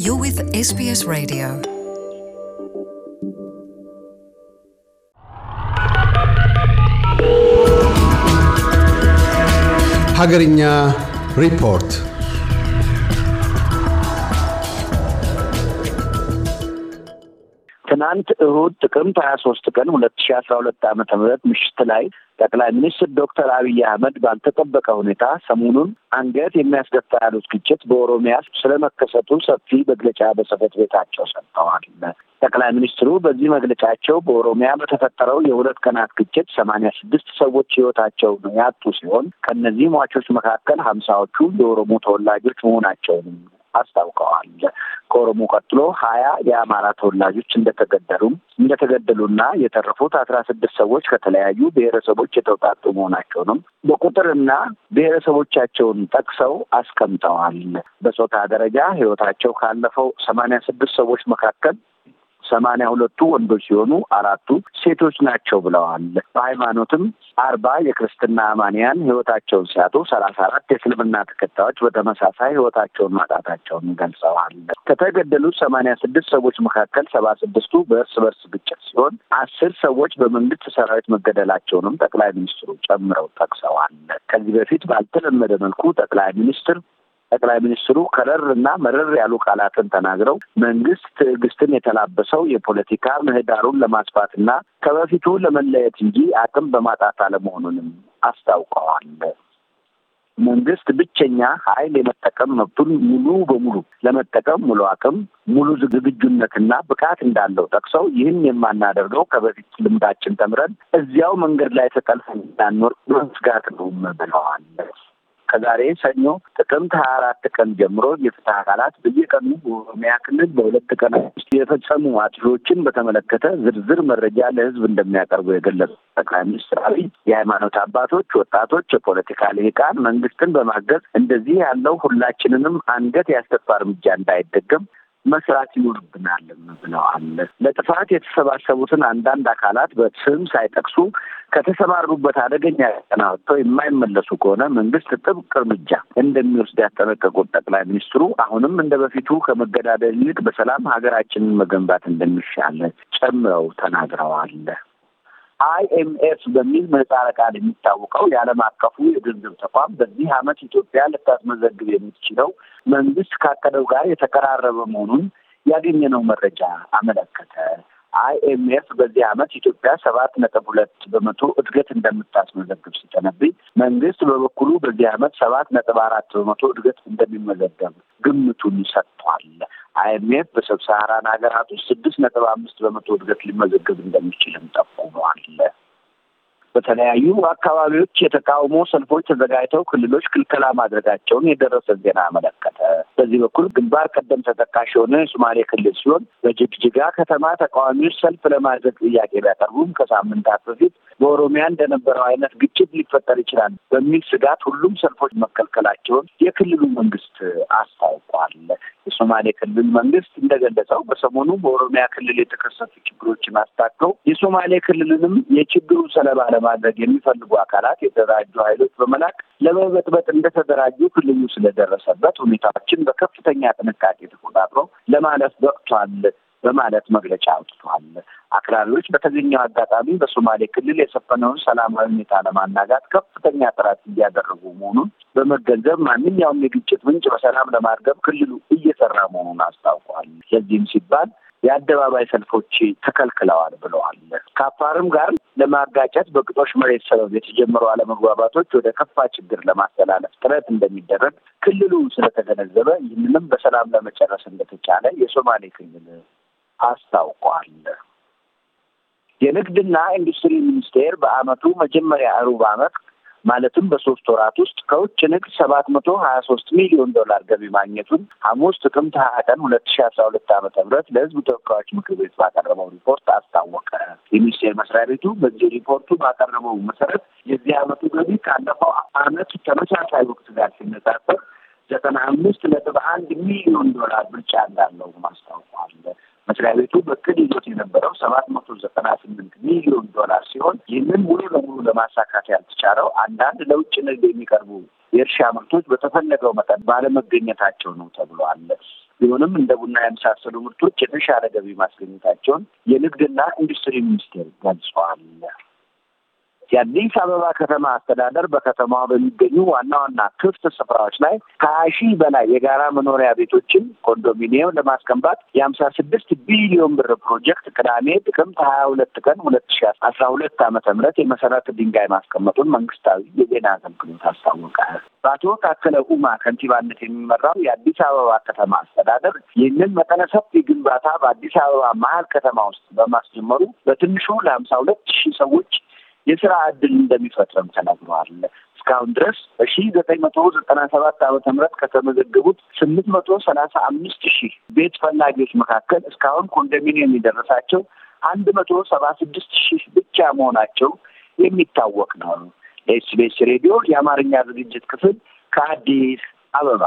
You're with SBS Radio. Hagarinya Report. ትናንት እሁድ ጥቅምት ሀያ ሶስት ቀን ሁለት ሺ አስራ ሁለት ዓመተ ምህረት ምሽት ላይ ጠቅላይ ሚኒስትር ዶክተር አብይ አህመድ ባልተጠበቀ ሁኔታ ሰሞኑን አንገት የሚያስደፋ ያሉት ግጭት በኦሮሚያ ስለመከሰቱ ሰፊ መግለጫ በጽህፈት ቤታቸው ሰጥተዋል። ጠቅላይ ሚኒስትሩ በዚህ መግለጫቸው በኦሮሚያ በተፈጠረው የሁለት ቀናት ግጭት ሰማንያ ስድስት ሰዎች ህይወታቸውን ያጡ ሲሆን ከእነዚህ ሟቾች መካከል ሀምሳዎቹ የኦሮሞ ተወላጆች መሆናቸውን አስታውቀዋል። ከኦሮሞ ቀጥሎ ሀያ የአማራ ተወላጆች እንደተገደሉም እንደተገደሉና የተረፉት አስራ ስድስት ሰዎች ከተለያዩ ብሔረሰቦች የተውጣጡ መሆናቸውንም በቁጥርና ብሔረሰቦቻቸውን ጠቅሰው አስቀምጠዋል። በጾታ ደረጃ ህይወታቸው ካለፈው ሰማንያ ስድስት ሰዎች መካከል ሰማንያ ሁለቱ ወንዶች ሲሆኑ አራቱ ሴቶች ናቸው ብለዋል። በሃይማኖትም አርባ የክርስትና አማንያን ህይወታቸውን ሲያጡ ሰላሳ አራት የእስልምና ተከታዮች በተመሳሳይ ህይወታቸውን ማጣታቸውን ገልጸዋል። ከተገደሉት ሰማንያ ስድስት ሰዎች መካከል ሰባ ስድስቱ በእርስ በርስ ግጭት ሲሆን አስር ሰዎች በመንግስት ሰራዊት መገደላቸውንም ጠቅላይ ሚኒስትሩ ጨምረው ጠቅሰዋል። ከዚህ በፊት ባልተለመደ መልኩ ጠቅላይ ሚኒስትር ጠቅላይ ሚኒስትሩ ከረር እና መረር ያሉ ቃላትን ተናግረው መንግስት ትዕግስትን የተላበሰው የፖለቲካ ምህዳሩን እና ከበፊቱ ለመለየት እንጂ አቅም በማጣት አለመሆኑንም አስታውቀዋል። መንግስት ብቸኛ ኃይል የመጠቀም መብቱን ሙሉ በሙሉ ለመጠቀም ሙሉ አቅም፣ ሙሉ ዝግጁነትና ብቃት እንዳለው ጠቅሰው ይህን የማናደርገው ከበፊት ልምዳችን ተምረን እዚያው መንገድ ላይ ተጠልፈን እንዳንወርቅ መስጋት ነው ብለዋል። ከዛሬ ሰኞ ጥቅምት ሀያ አራት ቀን ጀምሮ የፍትህ አካላት በየቀኑ በኦሮሚያ ክልል በሁለት ቀናት ውስጥ የፈጸሙ አጥፊዎችን በተመለከተ ዝርዝር መረጃ ለህዝብ እንደሚያቀርቡ የገለጹ ጠቅላይ ሚኒስትር አብይ የሃይማኖት አባቶች፣ ወጣቶች፣ የፖለቲካ ልሂቃን መንግስትን በማገዝ እንደዚህ ያለው ሁላችንንም አንገት ያስደፋ እርምጃ እንዳይደገም መስራት ይኖርብናል ብለዋል። ለጥፋት የተሰባሰቡትን አንዳንድ አካላት በስም ሳይጠቅሱ ከተሰማሩበት አደገኛ ተሰናብተው የማይመለሱ ከሆነ መንግስት ጥብቅ እርምጃ እንደሚወስድ ያስጠነቀቁት ጠቅላይ ሚኒስትሩ አሁንም እንደ በፊቱ ከመገዳደል ይልቅ በሰላም ሀገራችንን መገንባት እንደሚሻል ጨምረው ተናግረዋል። አይኤምኤፍ በሚል ምህጻረ ቃል የሚታወቀው የዓለም አቀፉ የገንዘብ ተቋም በዚህ ዓመት ኢትዮጵያ ልታስመዘግብ የምትችለው መንግስት ካቀደው ጋር የተቀራረበ መሆኑን ያገኘነው መረጃ አመለከተ። አይኤምኤፍ በዚህ ዓመት ኢትዮጵያ ሰባት ነጥብ ሁለት በመቶ እድገት እንደምታስመዘግብ ሲጠነብኝ መንግስት በበኩሉ በዚህ ዓመት ሰባት ነጥብ አራት በመቶ እድገት እንደሚመዘገብ ግምቱን ሰጥቷል። አይኤምኤፍ በሰብሳራን ሀገራት ውስጥ ስድስት ነጥብ አምስት በመቶ እድገት ሊመዘገብ እንደሚችልም ጠቁመዋል። በተለያዩ አካባቢዎች የተቃውሞ ሰልፎች ተዘጋጅተው ክልሎች ክልከላ ማድረጋቸውን የደረሰ ዜና አመለከተ። በዚህ በኩል ግንባር ቀደም ተጠቃሽ የሆነ የሶማሌ ክልል ሲሆን በጅግጅጋ ከተማ ተቃዋሚዎች ሰልፍ ለማድረግ ጥያቄ ቢያቀርቡም ከሳምንታት በፊት በኦሮሚያ እንደነበረው አይነት ግጭት ሊፈጠር ይችላል በሚል ስጋት ሁሉም ሰልፎች መከልከላቸውን የክልሉ መንግስት አስታውቋል። የሶማሌ ክልል መንግስት እንደገለጸው በሰሞኑ በኦሮሚያ ክልል የተከሰቱ ችግሮችን አስታከው የሶማሌ ክልልንም የችግሩ ሰለባ ለማድረግ የሚፈልጉ አካላት የተደራጁ ኃይሎች በመላክ ለመበጥበጥ እንደተደራጁ ክልሉ ስለደረሰበት ሁኔታዎችን በከፍተኛ ጥንቃቄ ተቆጣጥሮ ለማለፍ በቅቷል በማለት መግለጫ አውጥቷል። አክራሪዎች በተገኘው አጋጣሚ በሶማሌ ክልል የሰፈነውን ሰላማዊ ሁኔታ ለማናጋት ከፍተኛ ጥረት እያደረጉ መሆኑን በመገንዘብ ማንኛውም የግጭት ምንጭ በሰላም ለማርገብ ክልሉ እየሰራ መሆኑን አስታውቋል። ለዚህም ሲባል የአደባባይ ሰልፎች ተከልክለዋል ብለዋል። ከአፋርም ጋር ለማጋጨት በግጦሽ መሬት ሰበብ የተጀመሩ አለመግባባቶች ወደ ከፋ ችግር ለማስተላለፍ ጥረት እንደሚደረግ ክልሉ ስለተገነዘበ ይህንንም በሰላም ለመጨረስ እንደተቻለ የሶማሌ ክልል አስታውቋል። የንግድና ኢንዱስትሪ ሚኒስቴር በአመቱ መጀመሪያ ሩብ አመት ማለትም በሶስት ወራት ውስጥ ከውጭ ንግድ ሰባት መቶ ሀያ ሶስት ሚሊዮን ዶላር ገቢ ማግኘቱን ሐሙስ ጥቅምት ሀያ ቀን ሁለት ሺ አስራ ሁለት ዓመተ ምህረት ለህዝብ ተወካዮች ምክር ቤት ባቀረበው ሪፖርት አስታወቀ። የሚኒስቴር መስሪያ ቤቱ በዚህ ሪፖርቱ ባቀረበው መሰረት የዚህ አመቱ ገቢ ካለፈው አመት ተመሳሳይ ወቅት ጋር ሲነጻጸር ዘጠና አምስት ነጥብ አንድ ሚሊዮን ዶላር ብልጫ እንዳለው ማስታወቅ መስሪያ ቤቱ በቅድ ይዞት የነበረው ሰባት መቶ ዘጠና ስምንት ሚሊዮን ዶላር ሲሆን ይህንን ሙሉ ለሙሉ ለማሳካት ያልተቻለው አንዳንድ ለውጭ ንግድ የሚቀርቡ የእርሻ ምርቶች በተፈለገው መጠን ባለመገኘታቸው ነው ተብሏል። ቢሆንም እንደ ቡና የመሳሰሉ ምርቶች የተሻለ ገቢ ማስገኘታቸውን የንግድና ኢንዱስትሪ ሚኒስቴር ገልጸዋል። የአዲስ አበባ ከተማ አስተዳደር በከተማዋ በሚገኙ ዋና ዋና ክፍት ስፍራዎች ላይ ከሀያ ሺህ በላይ የጋራ መኖሪያ ቤቶችን ኮንዶሚኒየም ለማስገንባት የሀምሳ ስድስት ቢሊዮን ብር ፕሮጀክት ቅዳሜ ጥቅምት ሀያ ሁለት ቀን ሁለት ሺ አስራ ሁለት ዓመተ ምህረት የመሰረተ ድንጋይ ማስቀመጡን መንግስታዊ የዜና አገልግሎት አስታወቀ። በአቶ ታከለ ኡማ ከንቲባነት የሚመራው የአዲስ አበባ ከተማ አስተዳደር ይህንን መጠነ ሰፊ ግንባታ በአዲስ አበባ መሀል ከተማ ውስጥ በማስጀመሩ በትንሹ ለሀምሳ ሁለት ሺህ ሰዎች የስራ እድል እንደሚፈጥርም ተነግሯል። እስካሁን ድረስ እሺ ዘጠኝ መቶ ዘጠና ሰባት ዓመተ ምህረት ከተመዘገቡት ስምንት መቶ ሰላሳ አምስት ሺህ ቤት ፈላጊዎች መካከል እስካሁን ኮንዶሚኒየም የደረሳቸው አንድ መቶ ሰባ ስድስት ሺህ ብቻ መሆናቸው የሚታወቅ ነው። ለኤስቤስ ሬዲዮ የአማርኛ ዝግጅት ክፍል ከአዲስ አበባ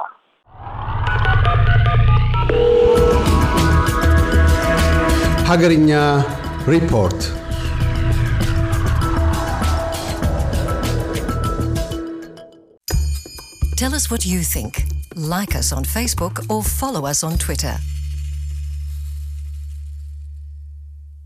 ሀገርኛ ሪፖርት Tell us what you think. Like us on Facebook or follow us on Twitter.